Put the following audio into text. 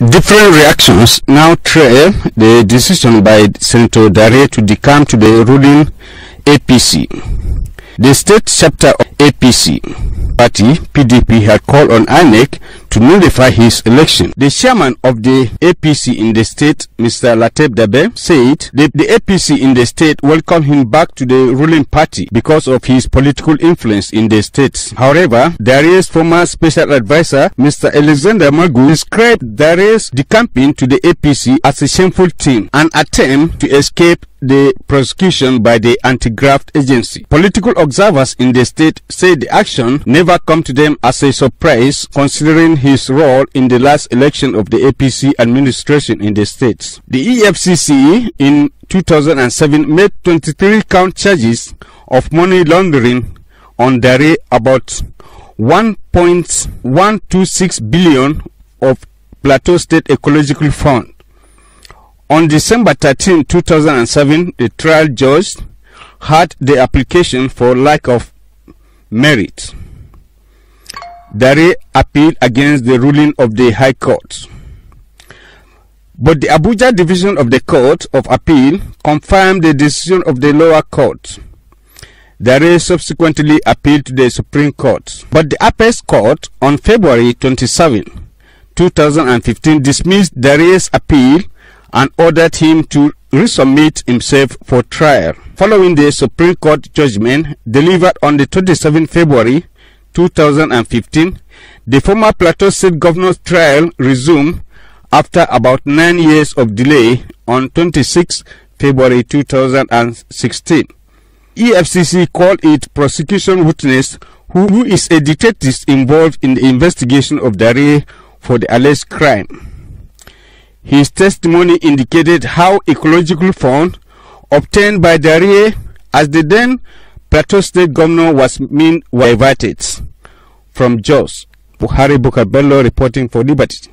Different reactions now trail the decision by Senator Dare to decamp to the ruling APC. The state chapter of APC party PDP had called on INEC to nullify his election. The chairman of the APC in the state, Mr. Lateb Dabe, said that the APC in the state welcomed him back to the ruling party because of his political influence in the state. However, Darius' former special advisor, Mr. Alexander Magu, described Darius' decamping to the APC as a shameful thing, an attempt to escape the prosecution by the anti-graft agency. Political observers in the state say the action never come to them as a surprise considering his role in the last election of the APC administration in the states. The EFCC in 2007 made 23 count charges of money laundering on Dare about 1.126 billion of Plateau State Ecological Fund. On December 13, 2007, the trial judge had the application for lack of merit. Dare appealed against the ruling of the High Court. But the Abuja Division of the Court of Appeal confirmed the decision of the lower court. Dare subsequently appealed to the Supreme Court. But the Apex Court on February 27, 2015 dismissed Dare's appeal and ordered him to resubmit himself for trial. Following the Supreme Court judgment delivered on the 27 February 2015, the former Plateau State Governor's trial resumed after about nine years of delay on 26 February 2016. EFCC called it prosecution witness who is a detective involved in the investigation of Dare for the alleged crime. His testimony indicated how ecological fund obtained by Darie as the then Plateau State Governor was mean diverted. From Jos, Buhari Bukabello reporting for Liberty.